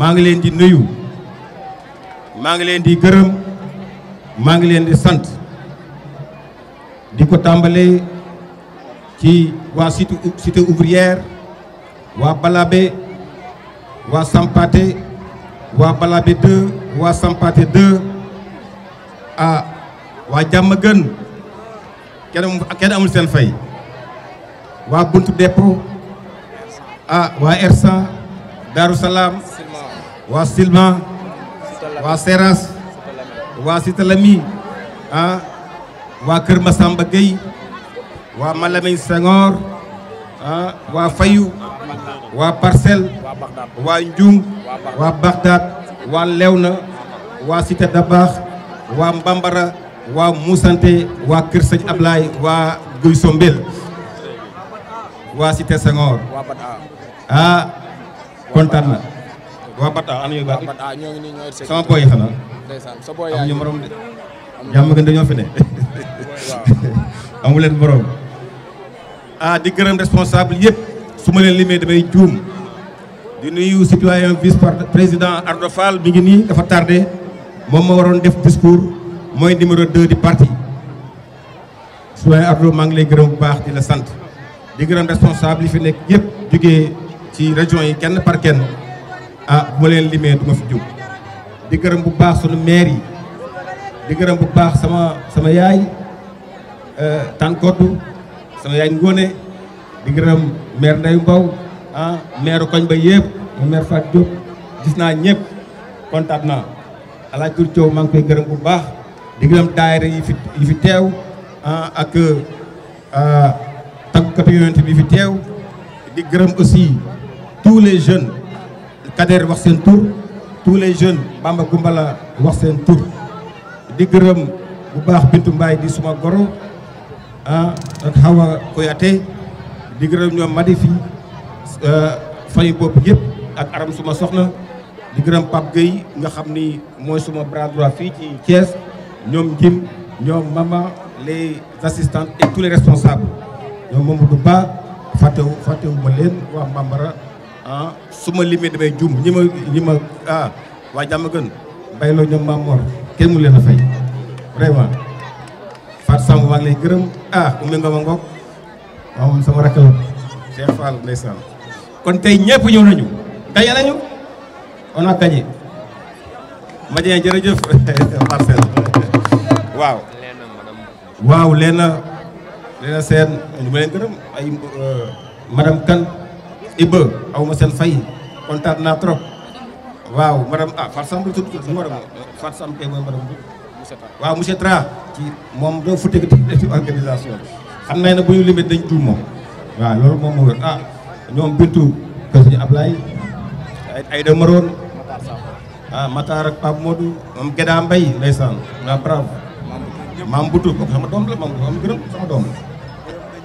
maa ngi leen di nuyu maa ngi leen di gërëm maa ngi leen di sant di ko tàmbalee ci waa cité cité ouvrière waa Balabé waa Sampaté waa Balabé 2 wa Sampaté 2 ah waa jàmm gën kenn kenn amul seen fay waa Buntu dépôt ah waa Ersan Darou salam wa Silma wa Seras wa sitalami ah waa Kër Massamba Gueye wa sangor ah wa Fayu wa parcel wa Ndioung wa Bagdad wa lewna wa Cité Dabakh wa Mbambara wa musante wa keur seigne Ablaye wa Guy Sombel wa Cité Senghor ah kontaan waa Bata ana ñu ñoo ngi nii ñooy seet sama booy yi xanaa ndeysaan sa booy yaa ñu morom gën dañoo fi ne amu leen morom ah di gërëm responsable yëpp su ma leen limee damay juum di nuyu citoyen vice président Ardo Fall mi ngi nii dafa tardé moom ma waroon def discours mooy numéro 2 di parti citoyen Ardo maa ngi lay gërëm bu baax di sant di gërëm responsable yi fi nekk yëpp jógee ci région yi kenn par kenn ah bu ma leen limee du ma fi jóg di gërëm bu baax sunu maire di gërëm bu baax sama sama yaay eh, tànkoddu sama yaay Ngone di gërëm maire Ndeyu Mbow ah maire koñ ba yëpp ma maire Fatou Diop gis naa ñëpp kontaan naa alaaj Diour Thiaw maa ngi koy gërëm bu baax di gërëm daayira yi fi yi fi teew ah ak ah, tàggkatu yonent bi fi teew di gërëm aussi tous les jeunes Kader wax seen tous les jeunes Bamba Gumbala wax seen tur di gërëm bu baax Bintu Mbaay di suma goro ah, ak Hawa Koyate di gërëm ñoom Madi fi euh, fayu bopp yëpp ak aram suma soxna di Pap Pape Gueye nga xam ni mooy suma bras droit fii ci Thiès Mama les assistantes et tous les responsables ñoom Mamadou Ba fàttewu fàttewu ma leen ah su ma limee jum ah wa jàmm gën bayloo ñom maam Mor kenn mu leen fay vraiment Fatou Samb wa lay gërem ah ku mengo ngok ngoog maa sama rakal Cheikh Fall ndaysan kon tay ñepp ñew nañu gañe nañu on a gagné ma jee jërëjëf Marcel wow waaw leena leena ñu ma leen ay euh, madame kan Ibba aw ma seen fay kontaan naa trop waaw madame ah Fatou Samb tudd ko madame Fatou waaw monsieur Tra ci moom doo futte ci organisation xam nañ ne bu ñu limee dañ tuum moom waaw loolu moom moo wér ah ñoom Bintu kër suñu Ablaye Aïda Maroon ah Matar maam Boutou sama doom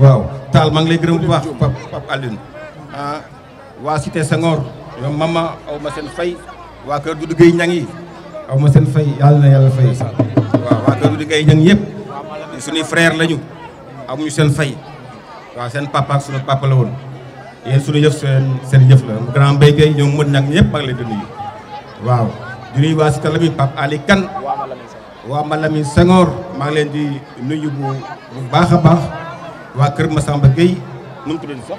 waaw Tall maa lay gërëm bu baax Pape Ah, wa Cité sangor ñoom mama aw ma sen fay waa kër Doudou Gueye ñangi aw ma sen fay yalla na yalla fay wa wa keur du Gueye ñang yëpp suñu frère lañu amuñu sen fay wa sen papa ak suñu papa la won yeen suñu yef sen sen yef la grand bay gay ñoom mën nak ñep ak ngi leen yi wa waaw di nuyu waa Cité Lamine pap Ali Kane waa Malamine sangor ma ngi leen di nuyu bu bu baax wa keur ma samba gay Gueye mëntu leen sax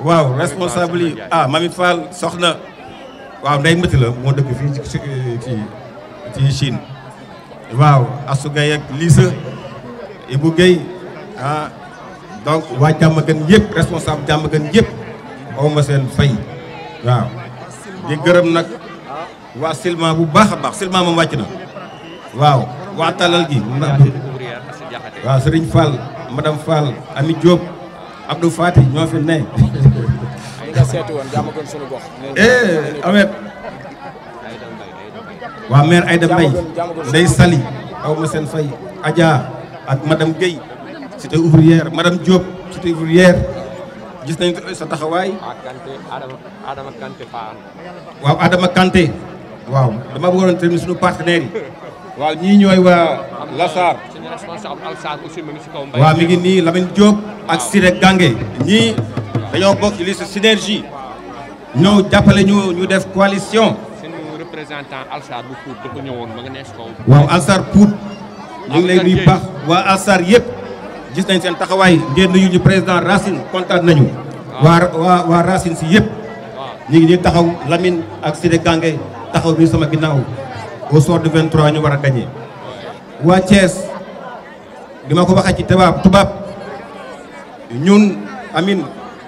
waaw responsable yi ah Mami Fall soxna waaw nday mbëti moo dëkk fi ci kii ci Chine waaw Assou Gueye ak Lisa Ibou Gueye ah donc waa Diamaguène yëpp responsable Diamaguène yëpp aw ma seen fay waaw di gërëm nag waa Silma bu baax a baax Silma moom wàcc na waaw waa talal gi waaw Serigne Fall madame Fall Ami Diop Abdou Fati ñoo fi ne wa mère ayda jàmm gën eh, Sali aw ma sen fay Adja ak madame gey cité ouvrière madame Diop cité ouvrière gis nañ sa taxaway Adama Kanté Fane. Adama Kanté. wa dama bëggoon tamit suñu partenaires yi. waaw ñii ñooy waa suñu responsable Alsar aussi mi ngi si kaw Mbaye. waaw mi ngi ni Lamine Diop ak Siré gangé ñi dañoo bokk liste synergie ñëw jàppale ñu ñu def coalition. représentant waaw Alsar Pout ñu lay bax waa Alsar gis nañ ñu président Racine nañu. waa waa waa Racine si yep, ñu ngi taxaw Lamine ak sidé taxaw bi sama au sort du 23 ñu war gagné. ma ko ci ñun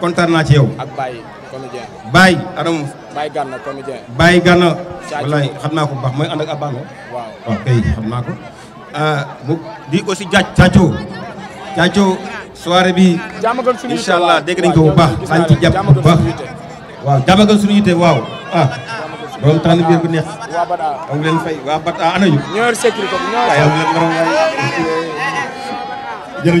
kontaan ci yow. ak Baye comédien. Baye Adama. Baye Ganna comédien. Baye Ganna. xam naa ko bu baax mooy ànd ak Abba la. waaw waaw kay xam naa ko. Ah, mu di aussi jaaj Caacoo. Caacoo soirée bi. incha allah dégg nañu ko bu baax. saa ñu ci jàpp bu waaw jàmmagal suñu yite waaw ah. tax na biir bu neex. waa Bada amu leen waa Bada ah, ana ñu. ñoo yor sécurité bi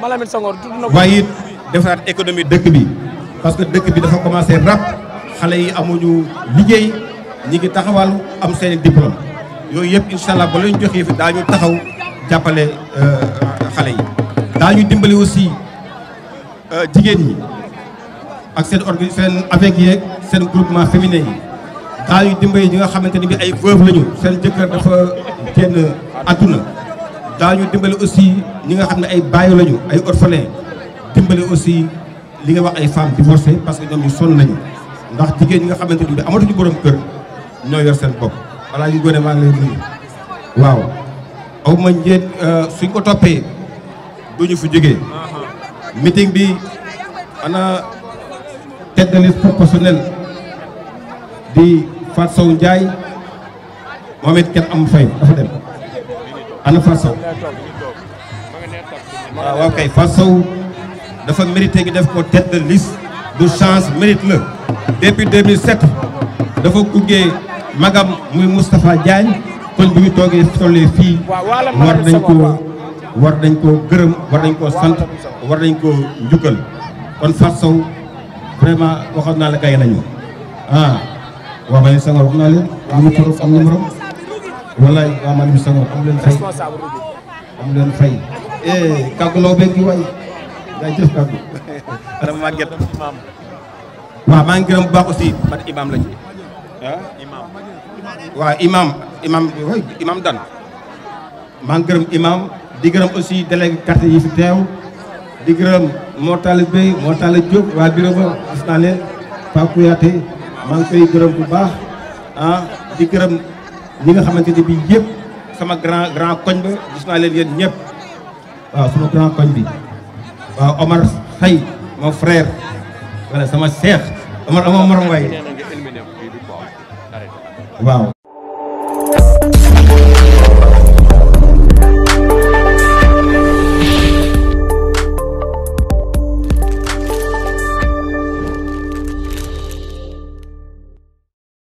Malamine Senghor tudd na ko. waaye it defaraat économie dëkk bi parce que dëkk bi dafa commencé rab xale yi amuñu liggéey ñi ngi taxawal am seen i yooyu yëpp incha allah la ñu joxee fi daañu taxaw jàppale euh, xale yi. daañu dimbali aussi euh, jigéen ñi ak seen orgi seen avec yeeg seen groupement féminin yi daañu dimbali ñi nga xamante ni bi ay veuve lañu seen jëkkër dafa génn àdduna. daañu dimbale aussi ñi nga xam ne ay bàyyi lañu ay orphelins dimbale aussi li nga wax ay femmes divorcées parce que ñoom ñu sonn nañu ndax jigéen ñi nga xamante ni bi amatuñu borom kër ñoo yor seen bopp balaa ñu gone maa ngi lay nuyu waaw aw ma euh, suñ ko toppee duñu fu jógee meeting bi ana tête de liste proportionnelle di Fatou Sow njaay moom it kenn am fay dafa dem ana Fatou Sow waaw ah, ah, waaw kay Fatou Sow dafa mérité gi def ko tête de liste du chance mérite la depuis 2007 dafa gunge magam muy Moustapha Diagne kon bu ñu toogee tollee fii war dañ ko war dañ ko gërëm war dañ ko sant war dañ ko njukkal kon Fatou Sow vraiment waxoon naa la gaye nañu ah waaw ma wax naa leen am na turam am na wallaay waa Malim Senghor am leen fay am leen fay eh kàggu law beeg gi waay yaa jëf kàggu. dama màgget waaw maa bu baax aussi man imam la ci ah imam waaw imam imam imam dan maa ngi imam di gërëm aussi délégué quartier yi fi teew di gërëm Mortale Bey Mortale Diop waa bureau ba gis naa leen Pape Kouyaté maa ngi gërëm bu baax ah di gërëm. ñi nga xamante ne bii yëpp sama grand grand koñ ba gis naa leen yéen ñëpp waaw sama grand koñ bi waaw Omar Faye mon frère wala sama seex Omar ama morom waaye waaw